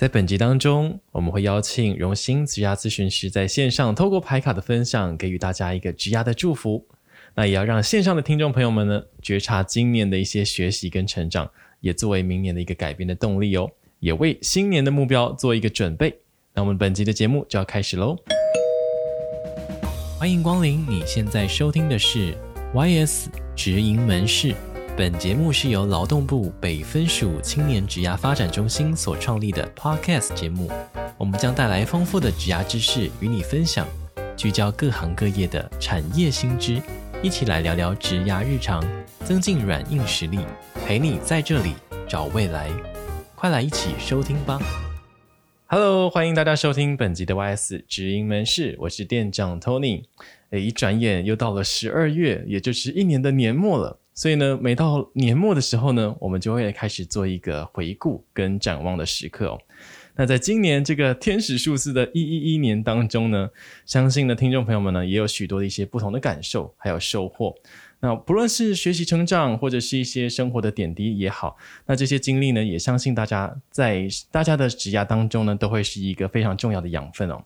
在本集當中，我們會邀請榕炘職涯諮詢師在線上，透過牌卡的分享，給予大家一個職涯的祝福。那也要讓線上的聽眾朋友們呢，覺察今年的一些學習跟成長，也作為明年的一個改變的動力哦，也為新年的目標做一個準備。那我們本集的節目就要開始嘍，歡迎光臨，你現在收聽的是 YS 職營門市。本節目是由勞動部北分署青年職涯發展中心所創立的 Podcast 節目，我們將帶來豐富的職涯知識與你分享，聚焦各行各業的產業新知，一起來聊聊職涯日常，增進軟硬實力，陪你在這裡找未來。快來一起收聽吧！Hello，歡迎大家收聽本集的 YS 職營門市，我是店長 Tony。哎，一轉眼又到了十二月，也就是一年的年末了。所以呢，每到年末的時候呢，我們就會開始做一個回顧跟展望的時刻哦。那在今年這個天使數字的一一一年當中呢，相信呢聽眾朋友們呢也有許多的一些不同的感受，還有收穫。那不論是學習成長，或者是一些生活的點滴也好，那這些經歷呢，也相信大家在大家的職涯當中呢，都會是一個非常重要的養分哦。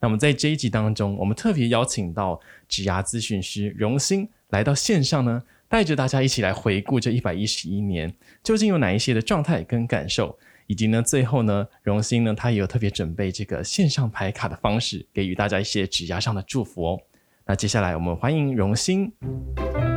那我們在這一集當中，我們特別邀請到職涯諮詢師榕炘來到線上呢。帶着大家一起來回顧這一百一十一年，究竟有哪一些的狀態跟感受，以及呢，最後呢，榕炘呢，他也有特別準備這個線上牌卡的方式，給予大家一些職涯上的祝福哦。那接下來我們歡迎榕炘。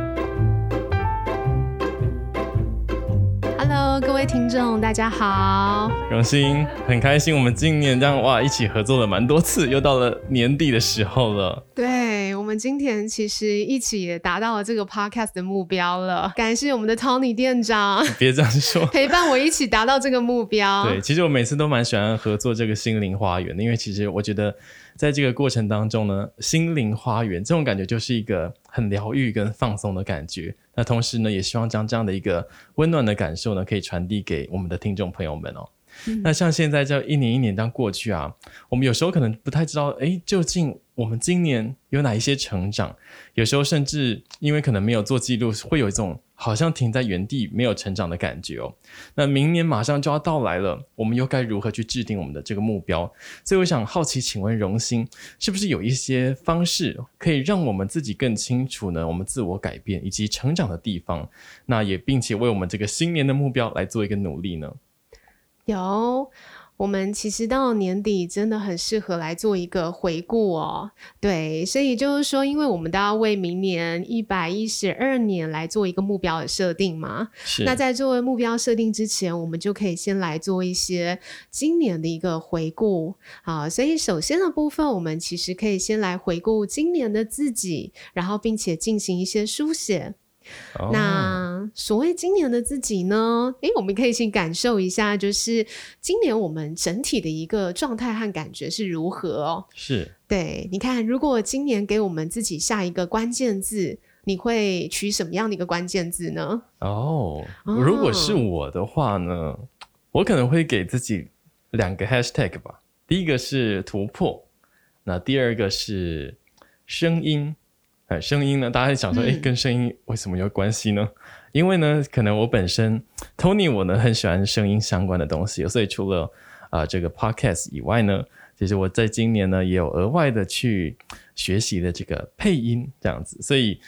各位聽眾，大家好。榕炘，很開心我們今年這樣哇，一起合作了蠻多次，又到了年底的時候了。對，我們今天其實一起也達到了這個 podcast 的目標了。感謝我們的 Tony 店長，別這樣說，陪伴我一起達到這個目標。 對，其實我每次都蠻喜歡合作這個心靈花園的，因為其實我覺得。在這個過程當中呢，心靈花園這種感覺就是一個很療癒跟放鬆的感覺。那同時呢，也希望將這樣的一個溫暖的感受呢，可以傳遞給我們的聽眾朋友們哦。嗯、那像現在這一年一年當過去啊，我們有時候可能不太知道，誒，究竟我們今年有哪一些成長？有時候甚至因為可能沒有做記錄，會有一種。好像停在原地，沒有成長的感覺哦。那明年馬上就要到來了，我們又該如何去制定我們的這個目標？所以我想好奇，請問榕炘，是不是有一些方式可以讓我們自己更清楚呢？我們自我改變以及成長的地方，那也並且為我們這個新年的目標來做一個努力呢？有。我們其實到年底真的很適合來做一個回顧哦，對，所以就是說，因為我們都要為明年一百一十二年來做一個目標的設定嘛。是。那在做目標設定之前，我們就可以先來做一些今年的一個回顧。好，所以首先的部分，我們其實可以先來回顧今年的自己，然後並且進行一些書寫。Oh, 那所謂今年的自己呢？誒，我們可以先感受一下，就是今年我們整體的一個狀態和感覺是如何哦。是，對，你看，如果今年給我們自己下一個關鍵字，你會取什麼樣的一個關鍵字呢？哦，oh, 如果是我的話呢，oh, 我可能會給自己兩個 hashtag 吧。第一個是突破，那第二個是聲音。哎，聲音呢？大家會想說，哎，跟聲音為什麼有關係呢？嗯、因為呢，可能我本身，Tony 我呢很喜歡聲音相關的東西，所以除了啊、呃、這個 podcast 以外呢，其實我在今年呢也有額外的去學習的這個配音，這樣子。所以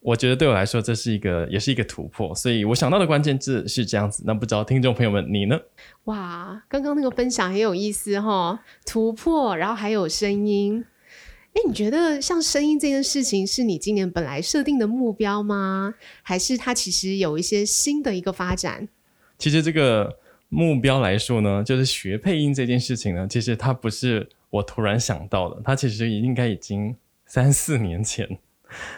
我覺得對我來說，這是一個也是一個突破。所以我想到的關鍵字是這樣子。那不知道聽眾朋友們，你呢？哇，剛剛那個分享很有意思哈、哦，突破，然後還有聲音。哎，你覺得像聲音這件事情是你今年本來設定的目標嗎？還是它其實有一些新的一個發展？其實這個目標來說呢，就是學配音這件事情呢，其實它不是我突然想到的，它其實應該已經三四年前，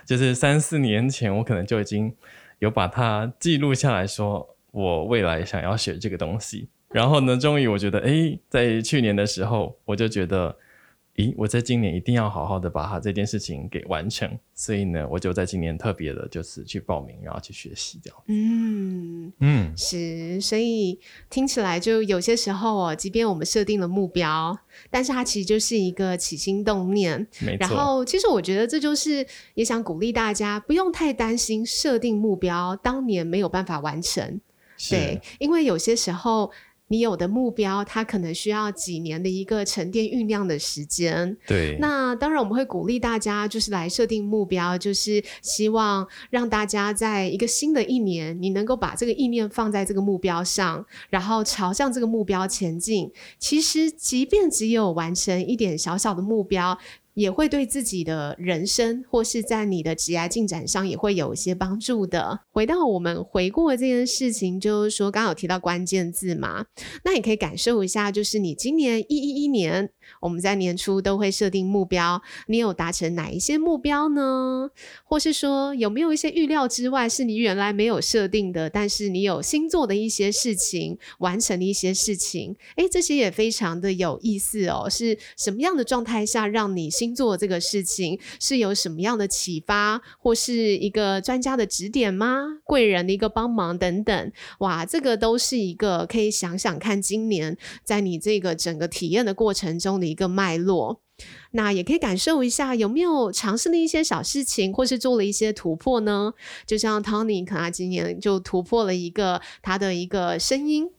就是三四年前我可能就已經有把它記錄下來說，我未來想要學這個東西。然後呢，終於我覺得，哎，在去年的時候，我就覺得。咦，我在今年一定要好好的把它這件事情給完成，所以呢，我就在今年特別的就是去報名，然後去學習這樣。嗯嗯，嗯，是，所以聽起來就有些時候哦，即便我們設定了目標，但是它其實就是一個起心動念。沒錯。然後，其實我覺得這就是也想鼓勵大家，不用太擔心設定目標當年沒有辦法完成，是。對，因為有些時候。你有的目標，它可能需要幾年的一個沉澱醞釀的時間。對，那當然我們會鼓勵大家，就是來設定目標，就是希望讓大家在一個新的一年，你能夠把這個意念放在這個目標上，然後朝向這個目標前進。其實，即便只有完成一點小小的目標，也會對自己的人生，或是在你的職涯進展上，也會有一些幫助的。回到我們回顧這件事情，就是說，剛好提到關鍵字嘛，那你可以感受一下，就是你今年一一一年。我們在年初都會設定目標，你有達成哪一些目標呢？或是說有沒有一些預料之外是你原來沒有設定的，但是你有新做的一些事情，完成的一些事情？欸，這些也非常的有意思哦。是什麼樣的狀態下讓你新做這個事情？是有什麼樣的啟發，或是一個專家的指點嗎？貴人的一個幫忙等等。哇，這個都是一個可以想想看，今年在你這個整個體驗的過程中，你。一個脈絡，那也可以感受一下，有沒有嘗試了一些小事情，或是做了一些突破呢？就像 Tony 可能他今年就突破了一個他的一個聲音。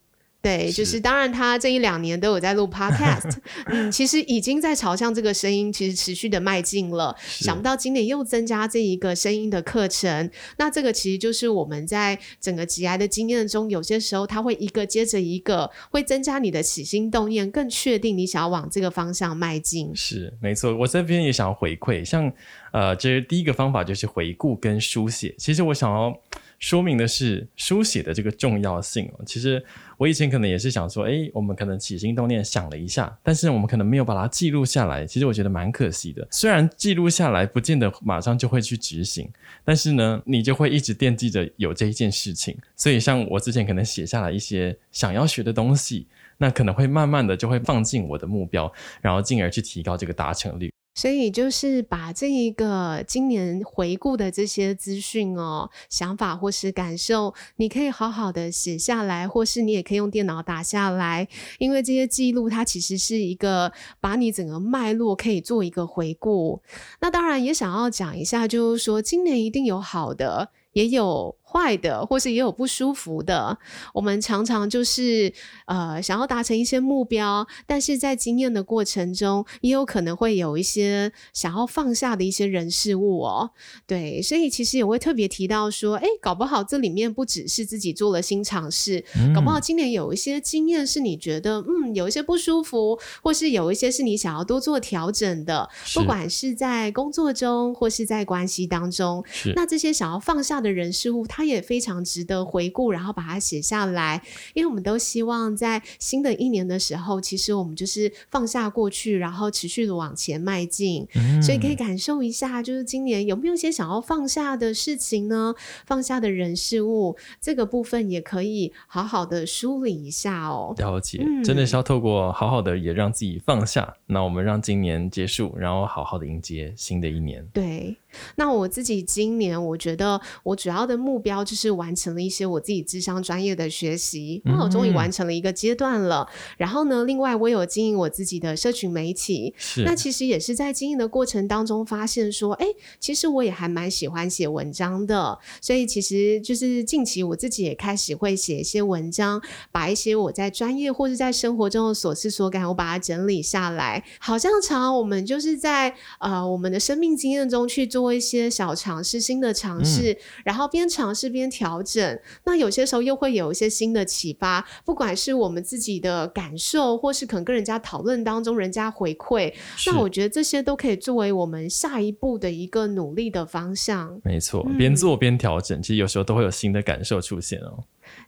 對，是就是當然，他這一兩年都有在錄 Podcast， 嗯，其實已經在朝向這個聲音，其實持續的邁進了。是想不到今年又增加這一個聲音的課程，那這個其實就是我們在整個職涯的經驗中，有些時候他會一個接着一個，會增加你的起心動念，更確定你想要往這個方向邁進。是沒錯，我這邊也想要回饋，像呃，這是第一個方法就是回顧跟書寫。其實我想要說明的是書寫的這個重要性哦，其實。我以前可能也是想說，哎，我們可能起心動念想了一下，但是我們可能沒有把它記錄下來。其實我覺得蠻可惜的。雖然記錄下來，不見得馬上就會去執行，但是呢，你就會一直惦記着有這一件事情。所以，像我之前可能寫下來一些想要學的東西，那可能會慢慢的就會放進我的目標，然後進而去提高這個達成率。所以就是把這一個今年回顧的這些資訊哦、想法或是感受，你可以好好的寫下來，或是你也可以用電腦打下來，因為這些記錄它其實是一個把你整個脈絡可以做一個回顧。那當然也想要講一下，就是說今年一定有好的，也有。壞的，或是也有不舒服的，我們常常就是呃想要達成一些目標，但是在經驗的過程中，也有可能會有一些想要放下的一些人事物哦、喔。對，所以其實也會特別提到說，誒、欸，搞不好這裡面不只是自己做了新嘗試，嗯、搞不好今年有一些經驗是你覺得嗯有一些不舒服，或是有一些是你想要多做調整的，是不管是在工作中或是在關係當中，是那這些想要放下的人事物，它它也非常值得回顧，然後把它寫下來，因為我們都希望在新的一年的時候，其實我們就是放下過去，然後持續的往前邁進。嗯、所以可以感受一下，就是今年有沒有一些想要放下的事情呢？放下的人事物，這個部分也可以好好的梳理一下哦。了解，真的是要透過好好的也讓自己放下。嗯、那我們讓今年結束，然後好好的迎接新的一年。對。那我自己今年，我覺得我主要的目標就是完成了一些我自己諮商專業的學習，嗯嗯，那我終於完成了一個階段了。然後呢，另外我有經營我自己的社群媒體，是那其實也是在經營的過程當中發現說，哎、欸，其實我也還蠻喜歡寫文章的。所以其實就是近期我自己也開始會寫一些文章，把一些我在專業或是在生活中的所思所感，我把它整理下來，好像常我們就是在呃我們的生命經驗中去做。做一些小嘗試，新的嘗試，嗯、然後邊嘗試邊調整。那有些時候又會有一些新的啟發，不管是我們自己的感受，或是可能跟人家討論當中人家回饋。是那我覺得這些都可以作為我們下一步的一個努力的方向。沒錯，邊做邊調整，嗯、其實有時候都會有新的感受出現哦。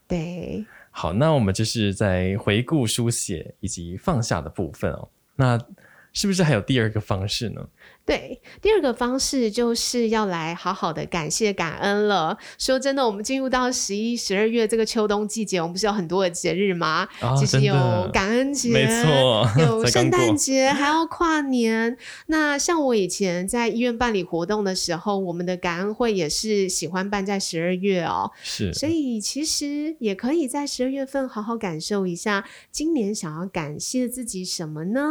對，好，那我們就是在回顧書寫以及放下的部分哦。那是不是還有第二個方式呢？對，第二個方式就是要來好好的感謝感恩了。說真的，我們進入到十一、十二月這個秋冬季節，我們不是有很多的節日嗎？哦，其實有感恩節，沒錯，有聖誕節，還要跨年。那像我以前在醫院辦理活動的時候，我們的感恩會也是喜歡辦在十二月哦。是，所以其實也可以在十二月份好好感受一下，今年想要感謝自己什麼呢？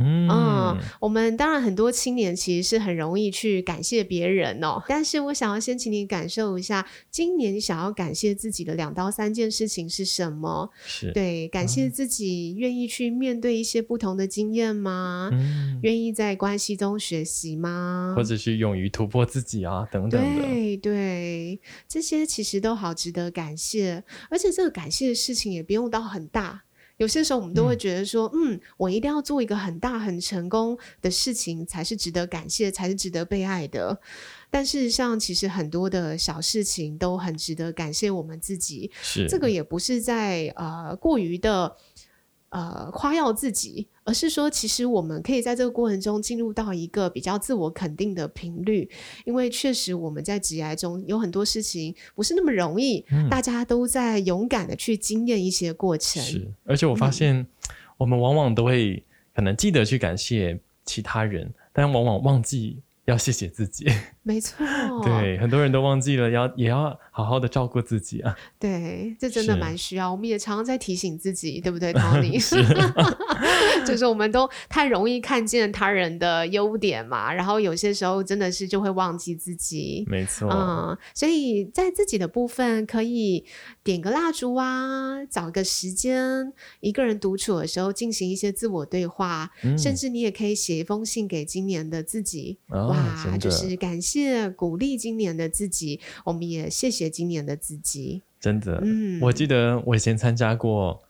嗯,嗯，我們當然很多青年其實是很容易去感謝別人喔，但是我想要先請你感受一下，今年想要感謝自己的兩到三件事情是什麼？是對，感謝自己願意去面對一些不同的經驗嗎？嗯，願意在關係中學習嗎？或者是勇於突破自己啊等等的。對對，這些其實都好值得感謝，而且這個感謝的事情也不用到很大。有些時候我們都會覺得說，嗯,嗯，我一定要做一個很大很成功的事情，才是值得感謝，才是值得被愛的。但事實上，其實很多的小事情都很值得感謝我們自己。是這個也不是在呃過於的呃誇耀自己。而是說，其實我們可以在這個過程中進入到一個比較自我肯定的頻率，因為確實我們在職涯中有很多事情不是那麼容易，嗯、大家都在勇敢的去經驗一些過程。是，而且我發現、嗯、我們往往都會可能記得去感謝其他人，但往往忘記要謝謝自己。沒錯，對，很多人都忘記了也要也要好好的照顧自己啊。對，這真的蠻需要。是我們也常常在提醒自己，對不對，Tony 是 就是我們都太容易看見他人的優點嘛，然後有些時候真的是就會忘記自己。沒錯，嗯，所以在自己的部分，可以點個蠟燭啊，找個時間，一個人獨處的時候進行一些自我對話，嗯、甚至你也可以寫一封信給今年的自己。啊、哇，的就是感謝。謝謝鼓勵今年的自己，我們也謝謝今年的自己。真的，嗯，我記得我以前參加過、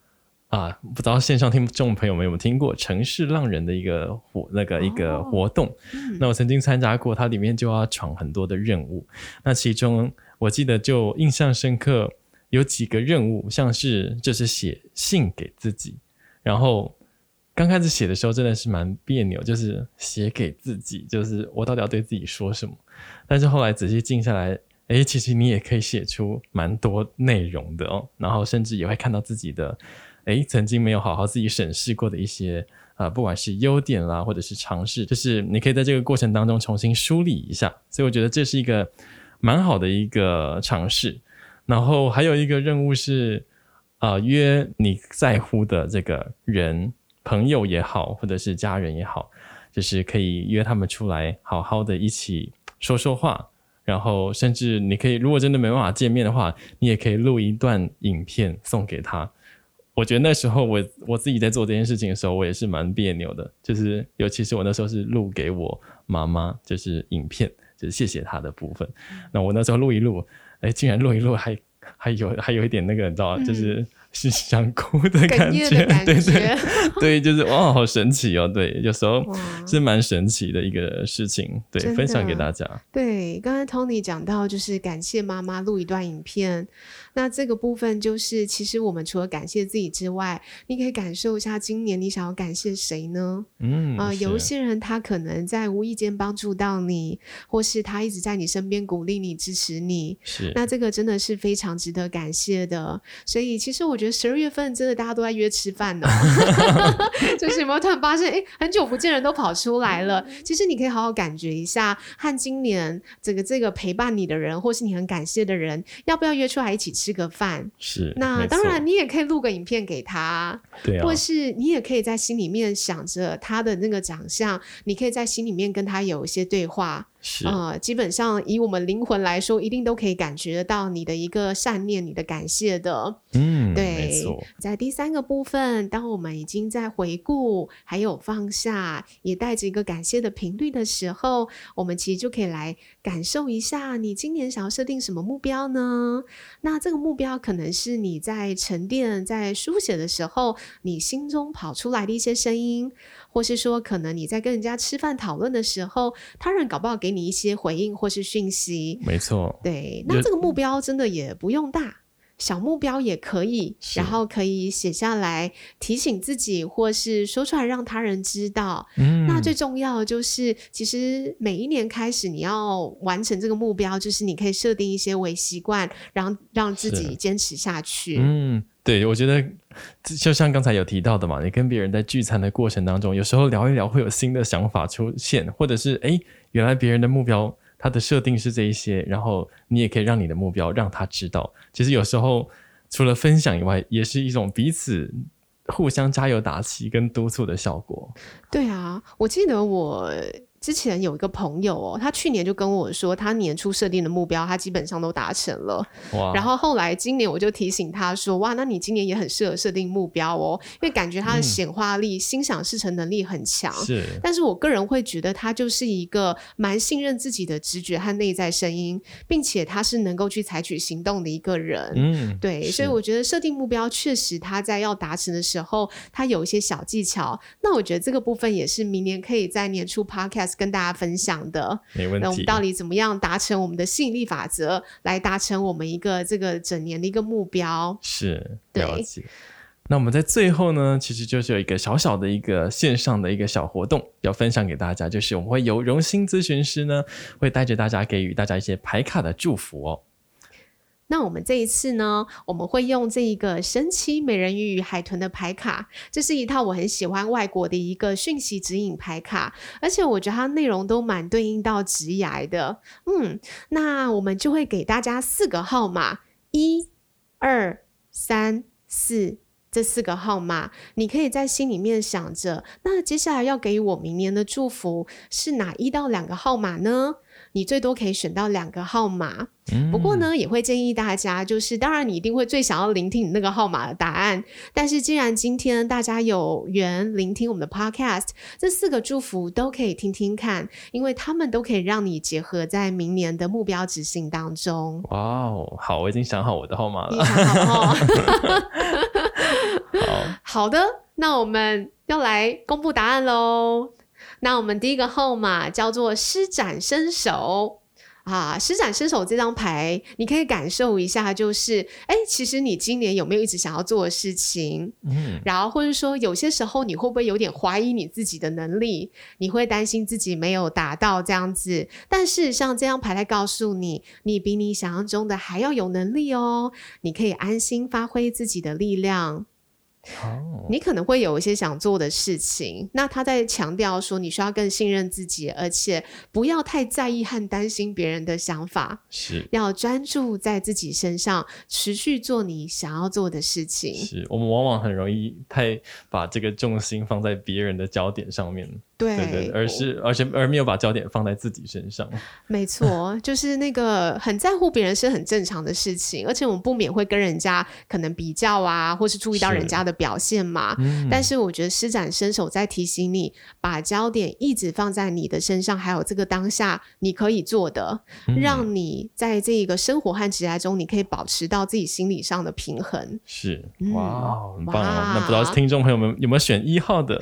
嗯、啊，不知道線上聽眾朋友們有沒有聽過《城市浪人》的一個活那個一個活動。哦嗯、那我曾經參加過，它裡面就要闖很多的任務。那其中我記得就印象深刻，有幾個任務像是就是寫信給自己。然後剛開始寫的時候真的是蠻別扭，就是寫給自己，就是我到底要對自己說什麼？但是後來仔細靜下來，誒，其實你也可以寫出蠻多內容的哦。然後甚至也會看到自己的，誒，曾經沒有好好自己審視過的一些啊、呃，不管是優點啦，或者是嘗試，就是你可以在這個過程當中重新梳理一下。所以我覺得這是一個蠻好的一個嘗試。然後還有一個任務是，啊、呃，約你在乎的這個人，朋友也好，或者是家人也好，就是可以約他們出來，好好的一起。說說話，然後甚至你可以，如果真的沒辦法見面的話，你也可以錄一段影片，送給他。我覺得那時候我我自己在做這件事情的時候，我也是蠻彆扭的，就是尤其是我那時候是錄給我媽媽，就是影片，就是謝謝她的部分。那我那時候錄一錄，哎，竟然錄一錄還還有還有一點那個，你知道嗎？嗯、就是。是想哭的感覺，對對，就是哇、哦，好神奇哦！對，有時候哇是蠻神奇的一個事情，對，的分享給大家。對，剛才 Tony 講到，就是感謝媽媽錄一段影片，那這個部分就是，其實我們除了感謝自己之外，你可以感受一下，今年你想要感謝誰呢？嗯啊，呃、是有一些人他可能在無意間幫助到你，或是他一直在你身邊鼓勵你、支持你，是那這個真的是非常值得感謝的。所以其實我。覺得十二月份真的大家都在約吃飯呢， 就是有沒有突然發現，哎、欸，很久不見，人都跑出來了。其實你可以好好感覺一下，和今年這個這個陪伴你的人，或是你很感謝的人，要不要約出來一起吃個飯？是。那錯當然，你也可以錄個影片給他，對、啊。或是你也可以在心裡面想着他的那個長相，你可以在心裡面跟他有一些對話。是。啊、呃，基本上以我們靈魂來說，一定都可以感覺到你的一個善念，你的感謝的。嗯，對。沒錯，在第三個部分，當我們已經在回顧，還有放下，也帶着一個感謝的頻率的時候，我們其實就可以來感受一下，你今年想要設定什麼目標呢？那這個目標可能是你在沉澱、在書寫的時候，你心中跑出來的一些聲音，或是說，可能你在跟人家吃飯討論的時候，他人搞不好給你一些回應或是訊息。沒錯，對，那這個目標真的也不用大。小目標也可以，然後可以寫下來提醒自己，或是說出來讓他人知道。嗯，那最重要的就是，其實每一年開始你要完成這個目標，就是你可以設定一些微習慣，然後讓自己堅持下去。嗯，對，我覺得就像剛才有提到的嘛，你跟別人在聚餐的過程當中，有時候聊一聊會有新的想法出現，或者是誒、欸，原來別人的目標。它的設定是這一些，然後你也可以讓你的目標讓他知道。其實有時候除了分享以外，也是一種彼此互相加油打氣跟督促的效果。對啊，我記得我。之前有一個朋友哦、喔，他去年就跟我說，他年初設定的目標，他基本上都達成了。哇然後後來今年我就提醒他說：“哇，那你今年也很適合設定目標哦、喔，因為感覺他的顯化力、心想、嗯、事成能力很強。”是。但是我個人會覺得他就是一個蠻信任自己的直覺和內在聲音，並且他是能夠去採取行動的一個人。嗯，對。是所以我覺得設定目標確實他在要達成的時候，他有一些小技巧。那我覺得這個部分也是明年可以在年初 podcast。跟大家分享的，沒問題。那我們到底怎麼樣達成我們的吸引力法則，來達成我們一個這個整年的一個目標？是，了解。對那我們在最後呢，其實就是有一個小小的一個線上的一個小活動，要分享給大家，就是我們會由榕炘諮詢師呢，會帶着大家給予大家一些牌卡的祝福哦。那我們這一次呢，我們會用這一個神奇美人魚與海豚的牌卡，這是一套我很喜歡外國的一個訊息指引牌卡，而且我覺得它內容都蠻對應到職涯的。嗯，那我們就會給大家四個號碼，一、二、三、四這四個號碼，你可以在心裡面想着，那接下來要給予我明年的祝福是哪一到兩個號碼呢？你最多可以選到兩個號碼，嗯、不過呢，也會建議大家，就是當然你一定會最想要聆聽你那個號碼的答案，但是既然今天大家有緣聆聽我們的 Podcast，這四個祝福都可以聽聽看，因為他們都可以讓你結合在明年的目標執行當中。哇哦，好，我已經想好我的號碼了，你想好了 好。好的，那我們要來公布答案嘍。那我們第一個號碼叫做施展身手，啊，施展身手這張牌，你可以感受一下，就是，誒，其實你今年有沒有一直想要做的事情？嗯，然後或者說有些時候你會不會有點懷疑你自己的能力？你會擔心自己沒有達到這樣子？但事實上，這張牌來告訴你，你比你想象中的還要有能力哦，你可以安心發揮自己的力量。Oh. 你可能會有一些想做的事情。那他在強調說，你需要更信任自己，而且不要太在意和擔心別人的想法，是要專注在自己身上，持續做你想要做的事情。是我們往往很容易太把這個重心放在別人的焦點上面。對，對對，而是、哦、而且而沒有把焦點放在自己身上，沒錯，就是那個很在乎別人是很正常的事情， 而且我們不免會跟人家可能比較啊，或是注意到人家的表現嘛。是。嗯、但是我覺得施展身手在提醒你，把焦點一直放在你的身上，還有這個當下你可以做的，嗯、讓你在這個生活和職涯中，你可以保持到自己心理上的平衡。是。哇，嗯、wow, 很棒啊、哦！Wow 那不知道聽眾朋友們有沒有，有，沒有選一號的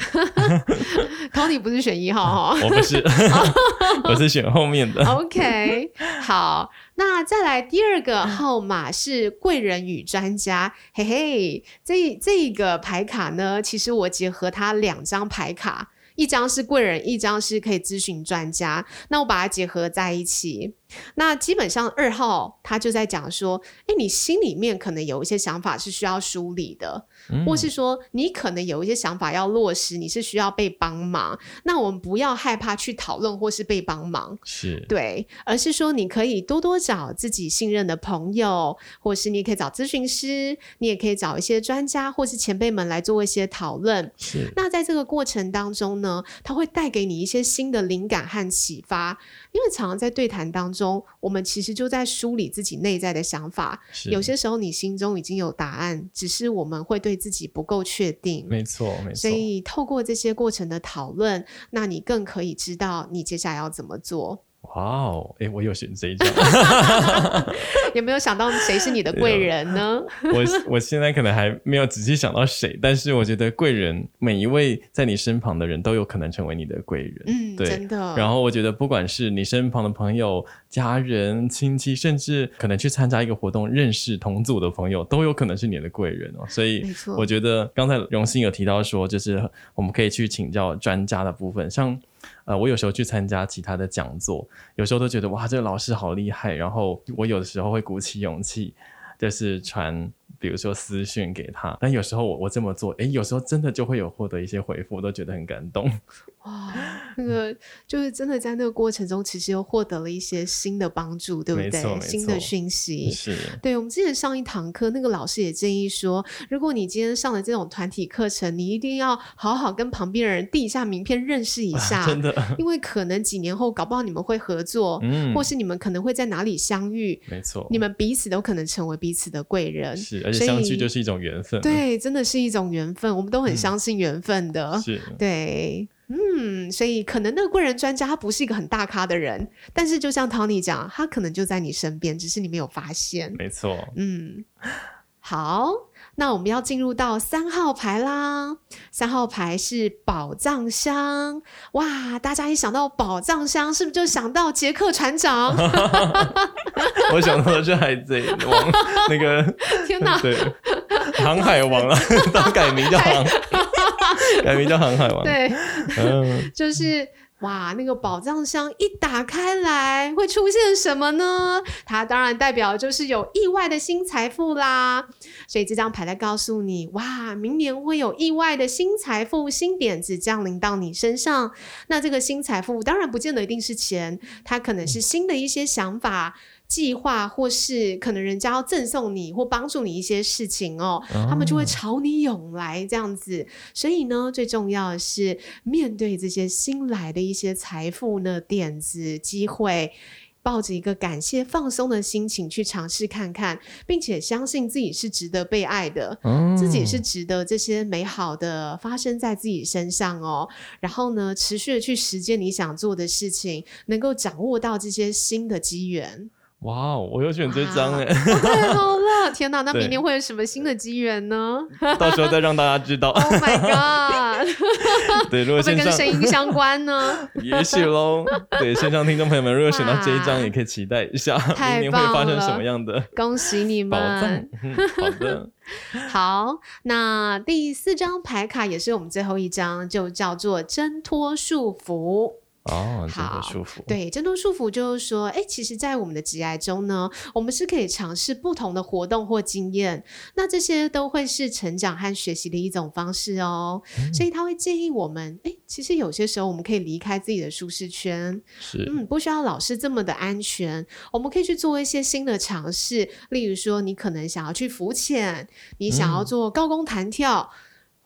不是選一號哈，啊，我不是， 我是選後面的。 OK，好，那再來第二個號碼是貴人與專家， 嘿嘿，這這一個牌卡呢，其實我結合他兩張牌卡，一張是貴人，一張是可以諮詢專家，那我把它結合在一起。那基本上二號他就在講說，哎，你心裡面可能有一些想法是需要梳理的。或是說，你可能有一些想法要落實，你是需要被幫忙。那我們不要害怕去討論，或是被幫忙，是對，而是說你可以多多找自己信任的朋友，或是你也可以找諮詢師，你也可以找一些專家或是前輩們來做一些討論。是，那在這個過程當中呢，它會帶給你一些新的靈感和啟發。因為常常在對談當中，我們其實就在梳理自己內在的想法。是有些時候，你心中已經有答案，只是我們會對自己不夠確定。沒錯，沒錯。所以透過這些過程的討論，那你更可以知道你接下來要怎麼做。哇哦！哎、wow, 欸，我有選這一張。 有沒有想到誰是你的貴人呢？ 我我現在可能還沒有仔細想到誰，但是我覺得，貴人每一位在你身旁的人都有可能成為你的貴人。嗯，對。真的。然後我覺得，不管是你身旁的朋友、家人、親戚，甚至可能去參加一個活動認識同組的朋友，都有可能是你的貴人哦。所以，我覺得剛才榕炘有提到說，就是我們可以去請教專家的部分，像。呃，我有時候去參加其他的講座，有時候都覺得哇，這個老師好厲害。然後我有的時候會鼓起勇氣，就是傳。比如說私訊給他，但有時候我我這麼做，哎，有時候真的就會有獲得一些回覆，我都覺得很感動。哇，那個、呃、就是真的在那個過程中，其實又獲得了一些新的幫助，對不對？新的訊息。是。對我們之前上一堂課，那個老師也建議說，如果你今天上了這種團體課程，你一定要好好跟旁邊的人遞一下名片，認識一下。啊、真的。因為可能幾年後，搞不好你們會合作，嗯，或是你們可能會在哪裡相遇。沒錯。你們彼此都可能成為彼此的貴人。是。所以就是一種緣分，對，真的是一種緣分。我們都很相信緣分的，嗯、是，對，嗯，所以可能那個貴人專家他不是一個很大咖的人，但是就像 Tony 講，他可能就在你身邊，只是你沒有發現。沒錯，嗯，好。那我們要進入到三號牌啦，三號牌是寶藏箱。哇，大家一想到寶藏箱，是不是就想到傑克船長？ 我想到的是海賊王，那個天哪、嗯，對，航海王了，剛 改名叫航，海 改名叫航海王。對，呃、就是。哇，那個寶藏箱一打開來，會出現什麼呢？它當然代表就是有意外的新財富啦。所以這張牌在告訴你，哇，明年會有意外的新財富、新點子降臨到你身上。那這個新財富當然不見得一定是錢，它可能是新的一些想法。計劃，或是可能人家要贈送你或幫助你一些事情哦，oh. 他們就會朝你湧來這樣子。所以呢，最重要的是面對這些新來的一些財富呢，點子、機會，抱着一個感謝、放鬆的心情去嘗試看看，並且相信自己是值得被愛的，oh. 自己是值得這些美好的發生在自己身上哦。然後呢，持續的去實踐你想做的事情，能夠掌握到這些新的機緣。哇，哦，wow, 我又選這張哎！太好了， 天哪！那明年會有什麼新的機緣呢？對到時候再讓大家知道。 oh my god！ 對，如果 會不會跟聲音相關呢？ 也許嘍。對，線上聽眾朋友們，如果選到這一張，也可以期待一下、啊、明年會發生什麼樣的寶藏。太棒了！恭喜你們！好的。好，那第四張牌卡也是我們最後一張，就叫做掙脫束縛。哦，oh, 好，的舒服對，掙脫束縛就是說，哎、欸，其實，在我們的職涯中呢，我們是可以嘗試不同的活動或經驗，那這些都會是成長和學習的一種方式哦、喔。所以他會建議我們，哎、欸，其實有些時候我們可以離開自己的舒適圈，是，嗯，不需要老是這麼的安全，我們可以去做一些新的嘗試，例如說，你可能想要去浮潛，你想要做高空彈跳。嗯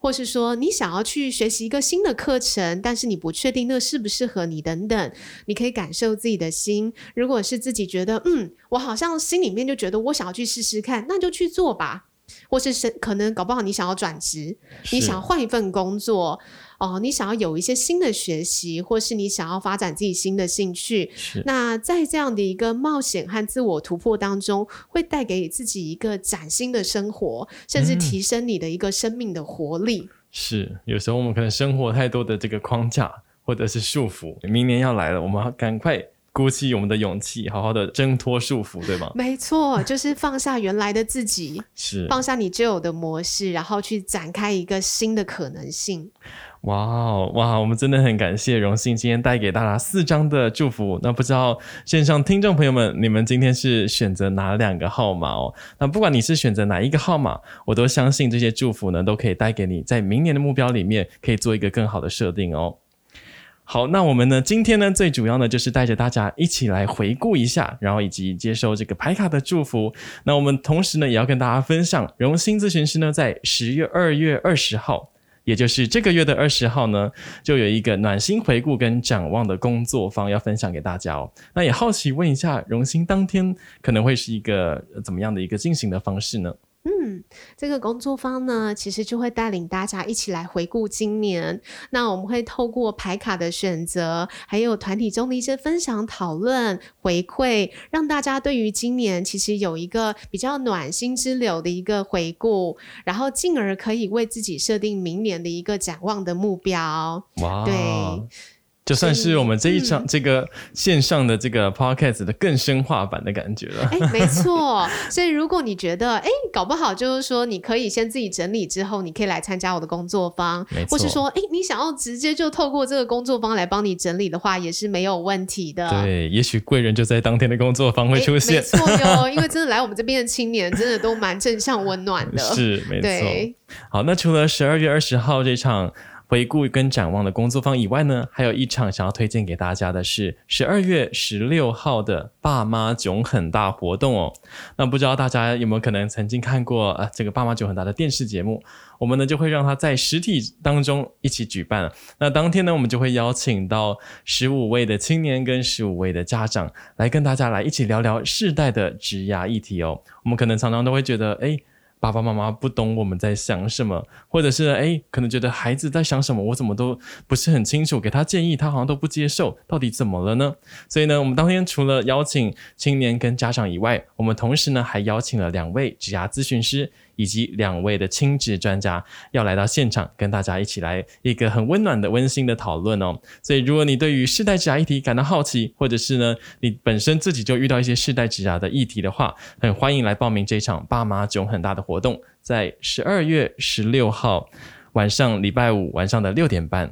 或是說你想要去學習一個新的課程，但是你不確定那適不適合你等等，你可以感受自己的心。如果是自己覺得嗯，我好像心裡面就覺得我想要去試試看，那就去做吧。或是是可能搞不好你想要轉職，是你想要換一份工作。哦，你想要有一些新的學習，或是你想要發展自己新的興趣，是那在這樣的一個冒險和自我突破當中，會帶給自己一個嶄新的生活，甚至提升你的一個生命的活力。嗯、是有時候我們可能生活太多的這個框架或者是束縛，明年要來了，我們要趕快鼓起我們的勇氣，好好的掙脫束縛，對嗎？沒錯，就是放下原來的自己， 是放下你舊有的模式，然後去展開一個新的可能性。哇哦，哇！我們真的很感謝榕炘今天帶給大家四張的祝福。那不知道線上聽眾朋友們，你們今天是選擇哪兩個號碼哦？那不管你是選擇哪一個號碼，我都相信這些祝福呢都可以帶給你在明年的目標裡面可以做一個更好的設定哦。好，那我們呢今天呢最主要呢就是帶着大家一起來回顧一下，然後以及接收這個牌卡的祝福。那我們同時呢也要跟大家分享，榕炘諮詢師呢在十二月二十號。也就是這個月的二十號呢，就有一個暖心回顧跟展望的工作坊要分享給大家哦。那也好奇問一下，榕炘當天可能會是一個怎麼樣的一個進行的方式呢？嗯，這個工作坊呢，其實就會帶領大家一起來回顧今年。那我們會透過牌卡的選擇，還有團體中的一些分享、討論、回饋，讓大家對於今年其實有一個比較暖心之流的一個回顧，然後進而可以為自己設定明年的一個展望的目標。哇，對。就算是我們這一場、嗯、這個線上的這個 podcast 的更深化版的感覺了。哎、欸，沒錯。所以如果你覺得，哎、 欸，搞不好就是說，你可以先自己整理之後，你可以來參加我的工作坊，錯或是說，哎、欸，你想要直接就透過這個工作坊來幫你整理的話，也是沒有問題的。對，也許貴人就在當天的工作坊會出現。欸、沒錯喲， 因為真的來我們這邊的青年，真的都蠻正向溫暖的。是，沒錯。對好，那除了十二月二十號這場回顧跟展望的工作坊以外呢，還有一場想要推薦給大家的是十二月十六號的爸媽囧很大活動哦。那不知道大家有沒有可能曾經看過啊、呃、這個爸媽囧很大的電視節目？我們呢就會讓它在實體當中一起舉辦。那當天呢，我們就會邀請到十五位的青年跟十五位的家長來跟大家來一起聊聊世代的職涯議題哦。我們可能常常都會覺得誒。爸爸媽媽不懂我們在想什麼，或者是哎，可能覺得孩子在想什麼，我怎麼都不是很清楚，給他建議他好像都不接受，到底怎麼了呢？所以呢，我們當天除了邀請青年跟家長以外，我們同時呢還邀請了兩位職涯諮詢師。以及兩位的親子專家要來到現場，跟大家一起來一個很溫暖的、溫馨的討論哦。所以，如果你對於世代職涯議題感到好奇，或者是呢，你本身自己就遇到一些世代職涯的議題的話，很歡迎來報名這場爸媽囧很大的活動，在十二月十六號晚上，禮拜五晚上的六點半。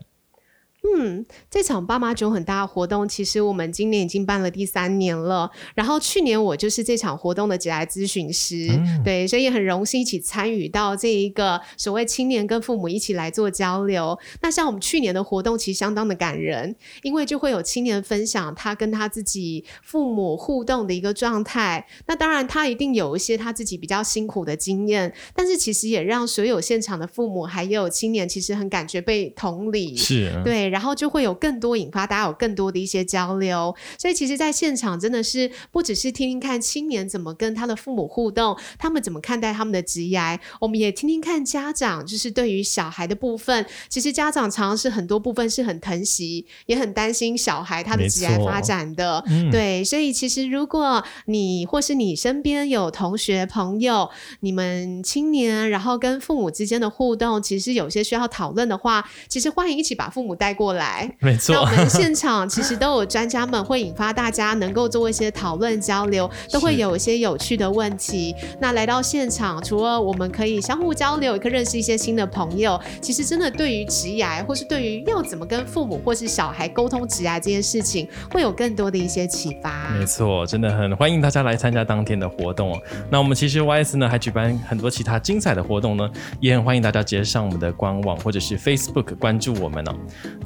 嗯，這場爸媽囧很大的活動，其實我們今年已經辦了第三年了。然後去年我就是這場活動的接待諮詢師，嗯、對，所以也很榮幸一起參與到這一個所謂青年跟父母一起來做交流。那像我們去年的活動其實相當的感人，因為就會有青年分享他跟他自己父母互動的一個狀態。那當然他一定有一些他自己比較辛苦的經驗，但是其實也讓所有現場的父母還有青年其實很感覺被同理，是、啊，對。然後就會有更多引發大家有更多的一些交流，所以其實，在現場真的是不只是聽聽看青年怎麼跟他的父母互動，他們怎麼看待他們的職涯，我們也聽聽看家長，就是對於小孩的部分，其實家長常是很多部分是很疼惜，也很擔心小孩他的職涯發展的。嗯、對，所以其實如果你或是你身邊有同學朋友，你們青年然後跟父母之間的互動，其實有些需要討論的話，其實歡迎一起把父母帶。過來，沒錯錯。那我們現場其實都有專家們，會引發大家能夠做一些討論交流，都會有一些有趣的問題。是那來到現場，除了我們可以相互交流，也可以認識一些新的朋友。其實真的對於職涯，或是對於要怎麼跟父母或是小孩溝通職涯這件事情，會有更多的一些啟發。沒錯，真的很歡迎大家來參加當天的活動，喔。那我們其實 YS 呢，還舉辦很多其他精彩的活動呢，也很歡迎大家直接上我們的官網或者是 Facebook 關注我們哦，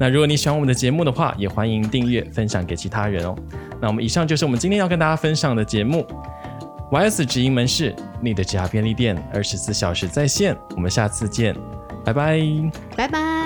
喔。那如果你喜歡我們的節目的話，也歡迎訂閱、分享給其他人哦。那我們以上就是我們今天要跟大家分享的節目。YS 職營門市，你的職涯便利店，二十四小時在線。我們下次見，拜拜，拜拜。